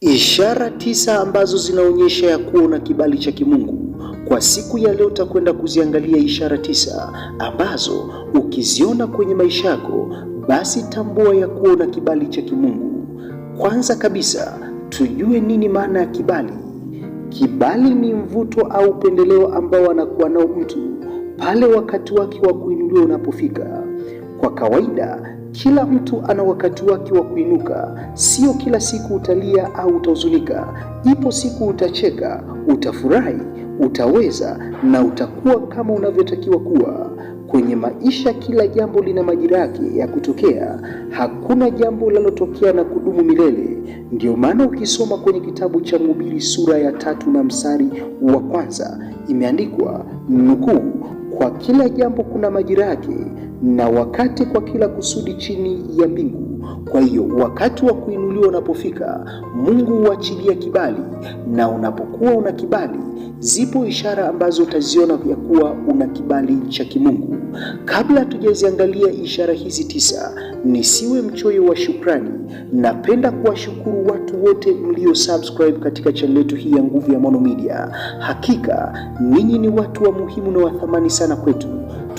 Ishara tisa ambazo zinaonyesha ya kuwa una kibali cha kimungu. Kwa siku ya leo utakwenda kuziangalia ishara tisa ambazo ukiziona kwenye maisha yako, basi tambua ya kuwa una kibali cha kimungu. Kwanza kabisa, tujue nini maana ya kibali. Kibali ni mvuto au upendeleo ambao anakuwa nao mtu pale wakati wake wa kuinuliwa unapofika. Kwa kawaida kila mtu ana wakati wake wa kuinuka. Sio kila siku utalia au utahuzunika. Ipo siku utacheka, utafurahi, utaweza na utakuwa kama unavyotakiwa kuwa. Kwenye maisha kila jambo lina majira yake ya kutokea. Hakuna jambo linalotokea na kudumu milele. Ndio maana ukisoma kwenye kitabu cha Mhubiri sura ya tatu na mstari wa kwanza imeandikwa nukuu kwa kila jambo kuna majira yake, na wakati kwa kila kusudi chini ya mbingu. Kwa hiyo wakati wa kuinuliwa unapofika, Mungu huachilia kibali, na unapokuwa una kibali, zipo ishara ambazo utaziona ya kuwa una kibali cha kimungu. Kabla hatujaziangalia ishara hizi tisa, nisiwe mchoyo wa shukrani. Napenda kuwashukuru watu wote mlio subscribe katika channel yetu hii ya Nguvu ya Maono Media. Hakika ninyi ni watu wa muhimu na wa thamani sana kwetu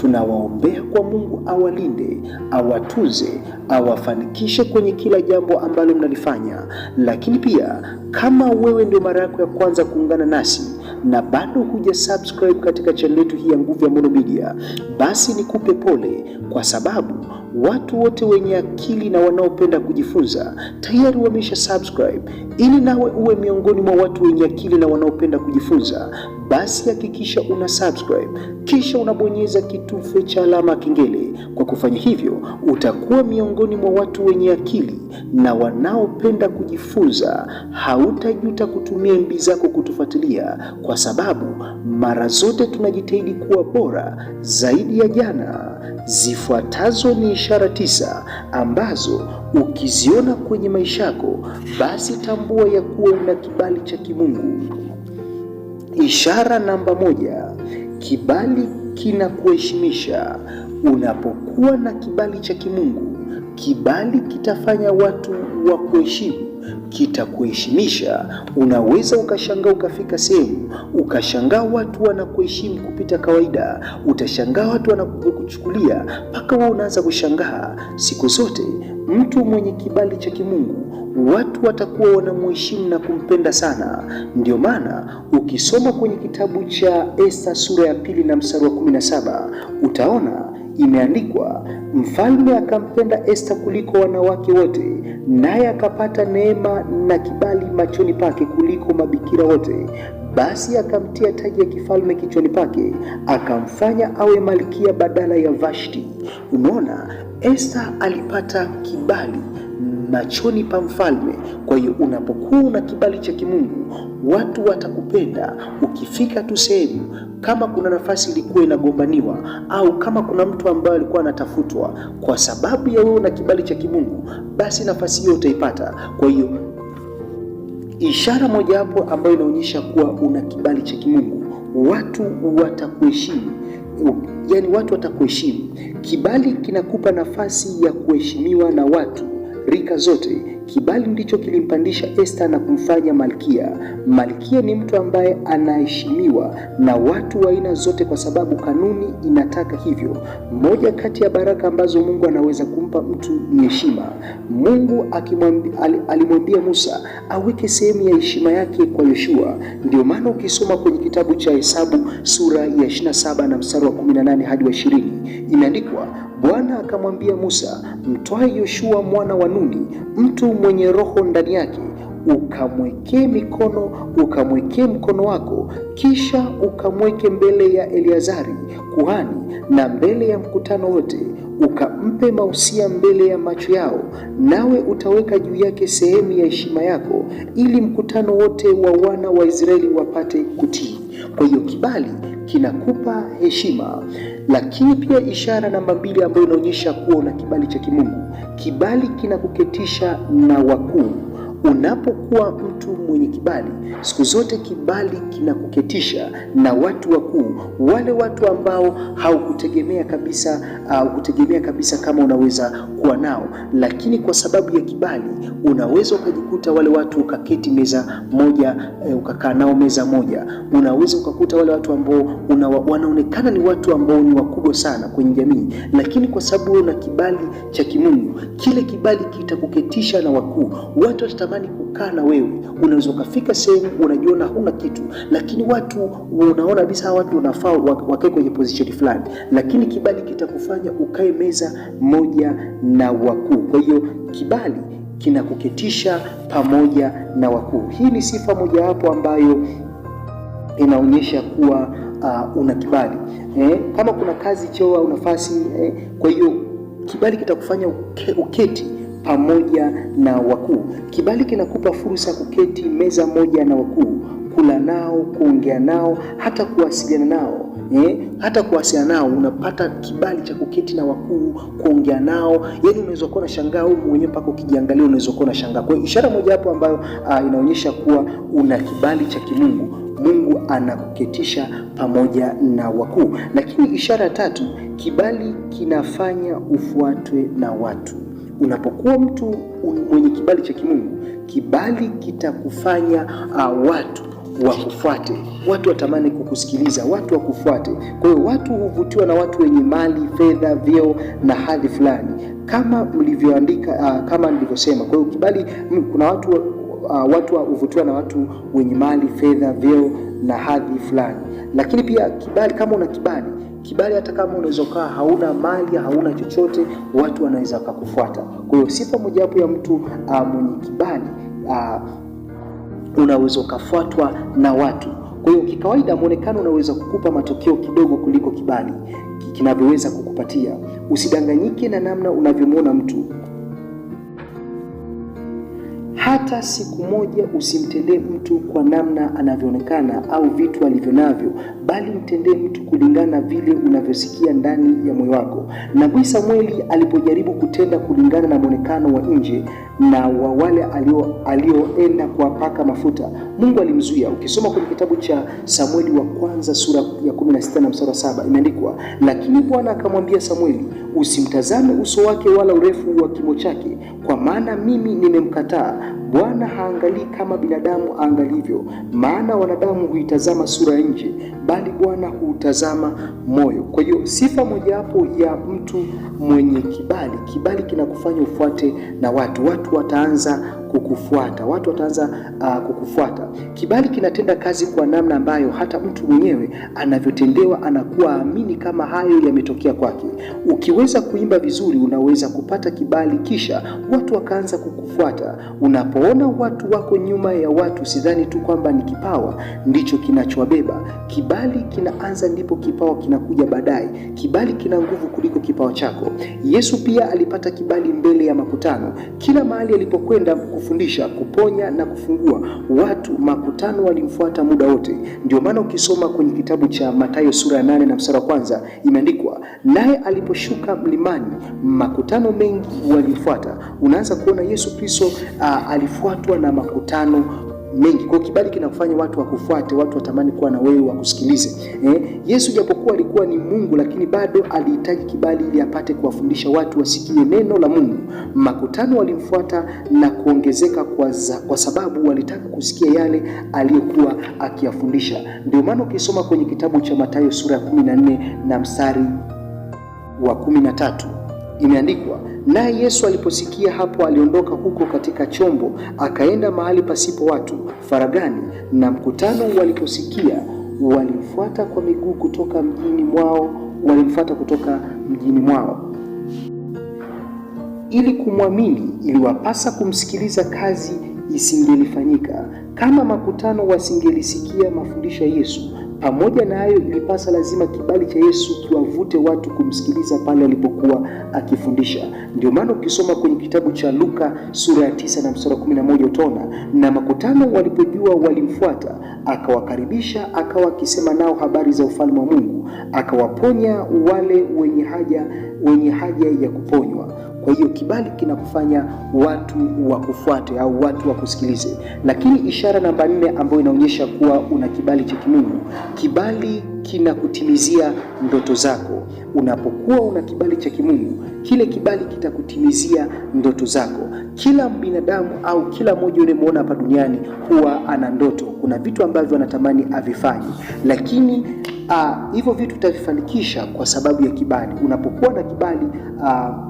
tunawaombea kwa Mungu awalinde, awatuze, awafanikishe kwenye kila jambo ambalo mnalifanya. Lakini pia kama wewe ndio mara yako ya kwanza kuungana nasi na bado huja subscribe katika channel yetu hii ya Nguvu ya Maono Media, basi nikupe pole kwa sababu Watu wote wenye akili na wanaopenda kujifunza tayari wamesha subscribe. Ili nawe uwe miongoni mwa watu wenye akili na wanaopenda kujifunza, basi hakikisha una subscribe kisha unabonyeza kitufe cha alama kengele. Kwa kufanya hivyo, utakuwa miongoni mwa watu wenye akili na wanaopenda kujifunza. Hautajuta kutumia mbi zako kutufuatilia, kwa sababu mara zote tunajitahidi kuwa bora zaidi ya jana. Zifuatazo ni ishara tisa ambazo ukiziona kwenye maisha yako, basi tambua ya kuwa una kibali cha kimungu. Ishara namba moja: kibali kinakuheshimisha. Unapokuwa na kibali cha kimungu, kibali kitafanya watu wakuheshimu kitakuheshimisha. Unaweza ukashangaa ukafika sehemu ukashangaa watu wanakuheshimu kupita kawaida, utashangaa watu wanakuchukulia mpaka wewe unaanza kushangaa. Siku zote mtu mwenye kibali cha kimungu watu watakuwa wanamuheshimu na kumpenda sana. Ndio maana ukisoma kwenye kitabu cha Esta sura ya pili na mstari wa kumi na saba utaona imeandikwa, mfalme akampenda Esta kuliko wanawake wote, naye akapata neema na kibali machoni pake kuliko mabikira wote. Basi akamtia taji ya kifalme kichwani pake, akamfanya awe malkia badala ya Vashti. Unaona, Esta alipata kibali machoni pa mfalme. Kwa hiyo unapokuwa una kibali cha kimungu, watu watakupenda. Ukifika tu sehemu, kama kuna nafasi ilikuwa inagombaniwa au kama kuna mtu ambaye alikuwa anatafutwa, kwa sababu ya wewe na kibali cha kimungu, basi nafasi hiyo utaipata. Kwa hiyo ishara mojawapo ambayo inaonyesha kuwa una kibali cha kimungu, watu watakuheshimu yaani watu watakuheshimu. Kibali kinakupa nafasi ya kuheshimiwa na watu rika zote. Kibali ndicho kilimpandisha Esta na kumfanya malkia. Malkia ni mtu ambaye anaheshimiwa na watu wa aina zote, kwa sababu kanuni inataka hivyo. Moja kati ya baraka ambazo Mungu anaweza kumpa mtu ni heshima. Mungu alimwambia Musa aweke sehemu ya heshima yake kwa Yoshua. Ndio maana ukisoma kwenye kitabu cha Hesabu sura ya 27 na mstari wa 18 hadi wa 20 imeandikwa Bwana akamwambia Musa, mtwae Yoshua mwana wa Nuni, mtu mwenye roho ndani yake, ukamwekee mikono ukamwekee mkono wako, kisha ukamweke mbele ya Eleazari kuhani na mbele ya mkutano wote, ukampe mausia mbele ya macho yao, nawe utaweka juu yake sehemu ya heshima yako, ili mkutano wote wa wana wa Israeli wapate kutii. Kwa hiyo kibali kinakupa heshima. Lakini pia ishara namba mbili ambayo inaonyesha kuwa una kibali cha kimungu, kibali kinakuketisha na wakuu Unapokuwa mtu mwenye kibali, siku zote kibali kinakuketisha na watu wakuu, wale watu ambao haukutegemea kabisa, haukutegemea kabisa kama unaweza kuwa nao, lakini kwa sababu ya kibali unaweza ukajikuta wale watu ukaketi meza moja, e, ukakaa nao meza moja. Unaweza ukakuta wale watu ambao wanaonekana ni watu ambao ni wakubwa sana kwenye jamii, lakini kwa sababu una kibali cha kimungu, kile kibali kitakuketisha na wakuu watu unatamani kukaa na wewe. Unaweza ukafika sehemu unajiona huna kitu, lakini watu unaona kabisa watu wanafaa wakae kwenye position fulani, lakini kibali kitakufanya ukae meza moja na wakuu. Kwa hiyo kibali kinakuketisha pamoja na wakuu. Hii ni sifa mojawapo ambayo inaonyesha kuwa uh, una kibali eh, kama kuna kazi, cheo au nafasi eh, kwa hiyo kibali kitakufanya uketi pamoja na wakuu. Kibali kinakupa fursa kuketi meza moja na wakuu, kula nao, kuongea nao, hata kuwasiliana nao Ye, eh? hata kuwasiliana nao unapata kibali cha kuketi na wakuu kuongea nao, yaani unaweza kuwa unashangaa wewe mwenyewe mpaka ukijiangalia unaweza kuwa unashangaa. Kwa hiyo ishara moja hapo ambayo uh, inaonyesha kuwa una kibali cha kimungu, Mungu anakuketisha pamoja na wakuu. Lakini ishara tatu, kibali kinafanya ufuatwe na watu. Unapokuwa mtu mwenye kibali cha kimungu, kibali kitakufanya uh, watu wakufuate, watu watamani kukusikiliza, watu wakufuate. Kwa hiyo watu huvutiwa na watu wenye mali, fedha, vyeo na hadhi fulani, kama mlivyoandika, uh, kama nilivyosema. Kwa hiyo kibali, mm, kuna watu uh, watu huvutiwa na watu wenye mali, fedha, vyeo na hadhi fulani, lakini pia kibali, kama una kibali Kibali hata kama unawezokaa hauna mali hauna chochote, watu wanaweza wakakufuata. Kwa hiyo sifa mojawapo ya mtu uh, mwenye kibali uh, unaweza ukafuatwa na watu. Kwa hiyo kikawaida, mwonekano unaweza kukupa matokeo kidogo kuliko kibali kinavyoweza kukupatia. Usidanganyike na namna unavyomwona mtu hata siku moja usimtendee mtu kwa namna anavyoonekana au vitu alivyo navyo, bali mtendee mtu kulingana vile unavyosikia ndani ya moyo wako. Nabii Samueli alipojaribu kutenda kulingana na mwonekano wa nje na wa wale alioenda kuwapaka mafuta, Mungu alimzuia. Ukisoma kwenye kitabu cha Samueli wa kwanza sura ya 16 na mstari wa saba imeandikwa, lakini Bwana akamwambia Samueli, usimtazame uso wake wala urefu wa kimo chake, kwa maana mimi nimemkataa Bwana haangalii kama binadamu aangalivyo, maana wanadamu huitazama sura ya nje, bali Bwana huutazama moyo. Kwa hiyo sifa mojawapo ya mtu mwenye kibali, kibali kinakufanya ufuate na watu, watu wataanza kukufuata, watu wataanza uh, kukufuata. Kibali kinatenda kazi kwa namna ambayo hata mtu mwenyewe anavyotendewa anakuwa amini kama hayo yametokea kwake. Ukiweza kuimba vizuri, unaweza kupata kibali, kisha watu wakaanza kukufuata. Unapoona watu wako nyuma ya watu, sidhani tu kwamba ni kipawa ndicho kinachowabeba. Kibali kinaanza, ndipo kipawa kinakuja baadaye. Kibali kina nguvu kuliko kipawa chako. Yesu pia alipata kibali mbele ya makutano, kila mahali alipokwenda kufundisha, kuponya na kufungua. Watu makutano walimfuata muda wote. Ndio maana ukisoma kwenye kitabu cha Mathayo sura ya nane na mstari wa kwanza imeandikwa, naye aliposhuka mlimani makutano mengi walimfuata. Unaanza kuona Yesu Kristo alifuatwa na makutano mengi. Kwa kibali kinafanya watu wakufuate, watu watamani kuwa na wewe, wakusikilize. Eh, Yesu japokuwa alikuwa ni Mungu, lakini bado alihitaji kibali ili apate kuwafundisha watu wasikie neno la Mungu. Makutano walimfuata na kuongezeka kwa, za, kwa sababu walitaka kusikia yale aliyokuwa akiyafundisha. Ndio maana ukisoma kwenye kitabu cha Mathayo sura ya 14 na mstari wa 13 Imeandikwa, naye Yesu aliposikia hapo, aliondoka huko katika chombo, akaenda mahali pasipo watu faragani, na mkutano waliposikia, walimfuata kwa miguu kutoka mjini mwao, walimfuata kutoka mjini mwao. Ili kumwamini iliwapasa kumsikiliza, kazi isingelifanyika kama makutano wasingelisikia mafundisho ya Yesu pamoja na hayo, ilipasa lazima kibali cha Yesu kiwavute watu kumsikiliza pale alipokuwa akifundisha. Ndio maana ukisoma kwenye kitabu cha Luka sura ya tisa na mstari 11 kumi na moja utaona, na makutano walipojua walimfuata, akawakaribisha, akawa akisema nao habari za ufalme wa Mungu, akawaponya wale wenye haja wenye haja ya kuponywa. Kwa hiyo kibali kinakufanya watu wakufuate au watu wakusikilize. Lakini ishara namba nne ambayo inaonyesha kuwa una kibali cha kimungu, kibali kinakutimizia ndoto zako. Unapokuwa una kibali cha kimungu, kile kibali kitakutimizia ndoto zako. Kila binadamu au kila mmoja unayemwona hapa duniani huwa ana ndoto, kuna vitu ambavyo anatamani avifanye, lakini ah, hivyo vitu utavifanikisha kwa sababu ya kibali. Unapokuwa na kibali ah,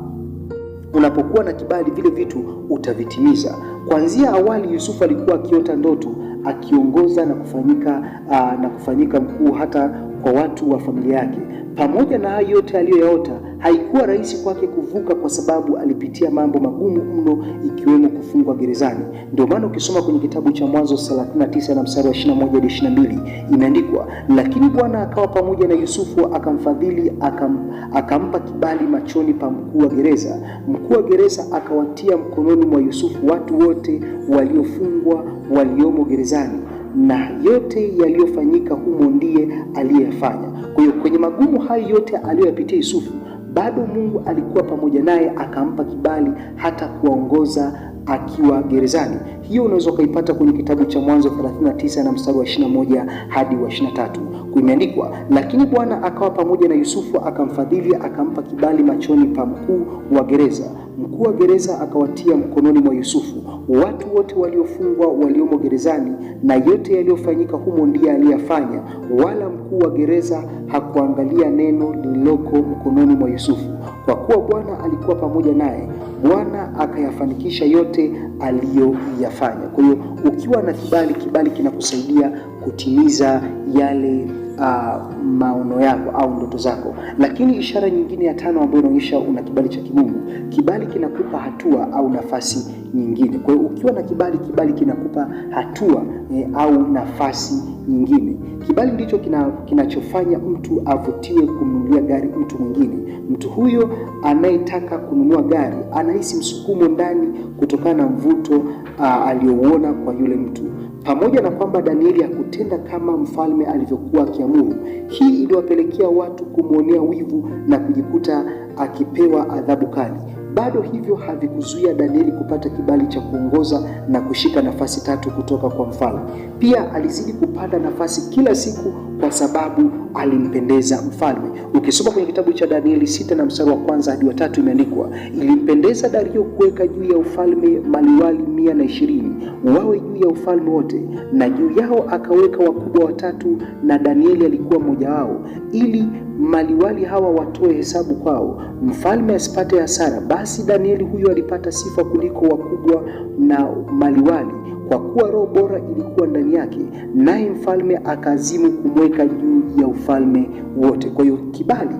Unapokuwa na kibali, vile vitu utavitimiza. Kuanzia awali, Yusufu alikuwa akiota ndoto akiongoza na kufanyika, uh, na kufanyika mkuu hata kwa watu wa familia yake. Pamoja na hayo yote aliyoyaota Haikuwa rahisi kwake kuvuka kwa sababu alipitia mambo magumu mno, ikiwemo kufungwa gerezani. Ndio maana ukisoma kwenye kitabu cha Mwanzo 39 na mstari wa 21 hadi 22 imeandikwa, lakini Bwana akawa pamoja na Yusufu akamfadhili, akam, akampa kibali machoni pa mkuu wa gereza. Mkuu wa gereza akawatia mkononi mwa Yusufu watu wote waliofungwa waliomo gerezani na yote yaliyofanyika humo ndiye aliyefanya. Kwa hiyo kwenye magumu hayo yote aliyoyapitia Yusufu bado Mungu alikuwa pamoja naye akampa kibali hata kuwaongoza akiwa gerezani. Hiyo unaweza ukaipata kwenye kitabu cha Mwanzo 39 na mstari wa 21 hadi wa 23, kuimeandikwa lakini Bwana akawa pamoja na Yusufu, akamfadhili, akampa kibali machoni pa mkuu wa gereza. Mkuu wa gereza akawatia mkononi mwa Yusufu watu wote waliofungwa waliomo gerezani, na yote yaliyofanyika humo ndiye aliyafanya, wala mkuu wa gereza hakuangalia neno lililoko mkononi mwa Yusufu, kwa kuwa Bwana alikuwa pamoja naye. Bwana akayafanikisha yote aliyoyafanya. Kwa hiyo ukiwa na kibali, kibali kinakusaidia kutimiza yale uh, maono yako au ndoto zako. Lakini ishara nyingine ya tano ambayo inaonyesha una kibali cha kimungu, kibali kinakupa hatua au nafasi nyingine. Kwa hiyo ukiwa na kibali, kibali kinakupa hatua eh, au nafasi nyingine. Kibali ndicho kina, kinachofanya mtu avutiwe kumnunulia gari mtu mwingine. Mtu huyo anayetaka kununua gari anahisi msukumo ndani kutokana na mvuto uh, aliyouona kwa yule mtu. Pamoja na kwamba Danieli hakutenda kama mfalme alivyokuwa akiamuru, hii iliwapelekea watu kumwonea wivu na kujikuta akipewa adhabu kali. Bado hivyo havikuzuia Danieli kupata kibali cha kuongoza na kushika nafasi tatu kutoka kwa mfalme. Pia alizidi kupanda nafasi kila siku kwa sababu alimpendeza mfalme. Ukisoma kwenye kitabu cha Danieli sita na mstari wa kwanza hadi wa tatu imeandikwa, ilimpendeza Dario kuweka juu ya ufalme maliwali mia na ishirini wawe juu ya ufalme wote, na juu yao akaweka wakubwa watatu, na Danieli alikuwa mmoja wao ili maliwali hawa watoe hesabu kwao, mfalme asipate hasara. Basi Danieli huyo alipata sifa kuliko wakubwa na maliwali, kwa kuwa roho bora ilikuwa ndani yake, naye mfalme akazimu kumweka juu ya ufalme wote. Kwa hiyo kibali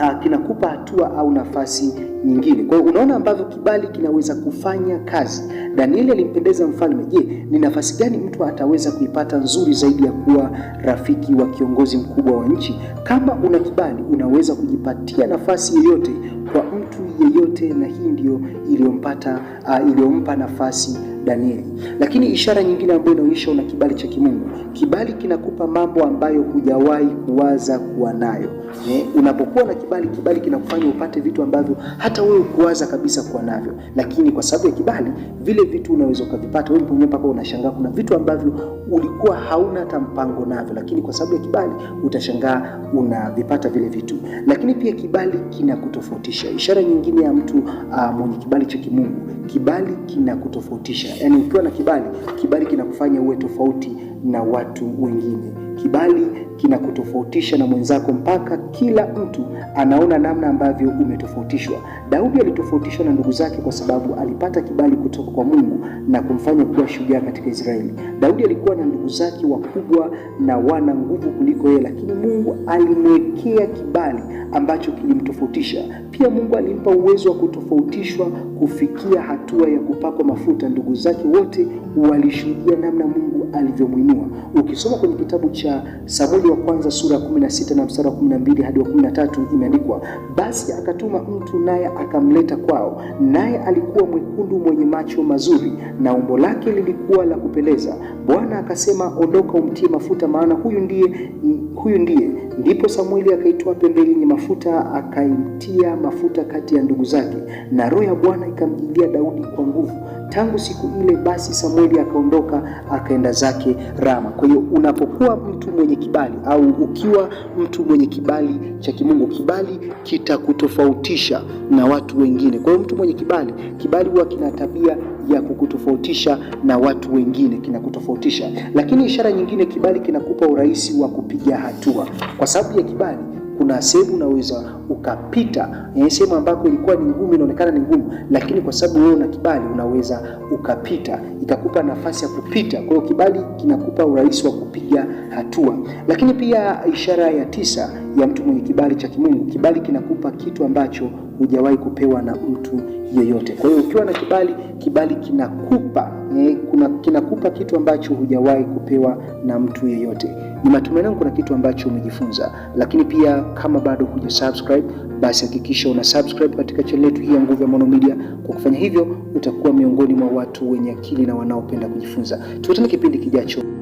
uh, kinakupa hatua au nafasi nyingine. Kwa hiyo unaona ambavyo kibali kinaweza kufanya kazi. Danieli alimpendeza mfalme. Je, ni nafasi gani mtu ataweza kuipata nzuri zaidi ya kuwa rafiki wa kiongozi mkubwa wa nchi? Kama una kibali, unaweza kujipatia nafasi yoyote kwa mtu yeyote, na hii ndiyo iliyompata uh, iliyompa nafasi Danieli. Lakini ishara nyingine ambayo inaonyesha una kibali cha kimungu, kibali kinakupa mambo ambayo hujawahi kuwaza kuwa nayo. Eh, unapokuwa na kibali, kibali kinakufanya upate vitu ambavyo hata wewe kuwaza kabisa kuwa navyo, lakini kwa sababu ya kibali vile vitu unaweza ukavipata wewe mwenyewe, mpaka unashangaa kuna vitu ambavyo ulikuwa hauna hata mpango navyo, lakini kwa sababu ya kibali utashangaa unavipata vile vitu. Lakini pia kibali kinakutofautisha. Ishara nyingine ya mtu uh, mwenye kibali cha kimungu, kibali kinakutofautisha maisha. Yaani ukiwa na kibali, kibali kinakufanya uwe tofauti na watu wengine. Kibali kinakutofautisha na mwenzako mpaka kila mtu anaona namna ambavyo umetofautishwa. Daudi alitofautishwa na ndugu zake kwa sababu alipata kibali kutoka kwa Mungu na kumfanya kuwa shujaa katika Israeli. Daudi alikuwa na ndugu zake wakubwa na wana nguvu kuliko yeye, lakini Mungu alimwekea kibali ambacho kilimtofautisha. Pia Mungu alimpa uwezo wa kutofautishwa kufikia hatua ya kupakwa mafuta. Ndugu zake wote walishuhudia namna Mungu Mungu alivyomwinua. Ukisoma kwenye kitabu cha Samueli wa kwanza sura ya 16 na mstari wa 12 hadi wa 13 imeandikwa, basi akatuma mtu naye akamleta kwao, naye alikuwa mwekundu mwenye macho mazuri na umbo lake lilikuwa la kupendeza. Bwana akasema, ondoka, umtie mafuta, maana huyu ndiye, huyu ndiye Ndipo Samueli akaitoa pembe yenye mafuta akaitia mafuta kati ya ndugu zake, na roho ya Bwana ikamjilia Daudi kwa nguvu tangu siku ile. Basi Samueli akaondoka akaenda zake Rama. Kwa hiyo unapokuwa mtu mwenye kibali au ukiwa mtu mwenye kibali cha kimungu, kibali kitakutofautisha na watu wengine. Kwa hiyo mtu mwenye kibali, kibali huwa kina tabia ya kukutofautisha na watu wengine, kinakutofautisha. Lakini ishara nyingine, kibali kinakupa urahisi wa kupiga hatua. Kwa sababu ya kibali kuna sehemu unaweza ukapita eh, sehemu ambako ilikuwa ni ngumu, inaonekana ni ngumu, lakini kwa sababu wewe una kibali unaweza ukapita, ikakupa nafasi ya kupita. Kwa hiyo kibali kinakupa urahisi wa kupiga hatua. Lakini pia ishara ya tisa ya mtu mwenye kibali cha kimungu, kibali kinakupa kitu ambacho hujawahi kupewa na mtu yeyote. Kwa hiyo ukiwa na kibali, kibali kinakupa Eh, kuna kinakupa kitu ambacho hujawahi kupewa na mtu yeyote. Ni matumaini yangu kuna kitu ambacho umejifunza, lakini pia kama bado huja subscribe, basi hakikisha una subscribe katika channel yetu hii ya Nguvu ya Maono Media. Kwa kufanya hivyo, utakuwa miongoni mwa watu wenye akili na wanaopenda kujifunza. Tukutane kipindi kijacho.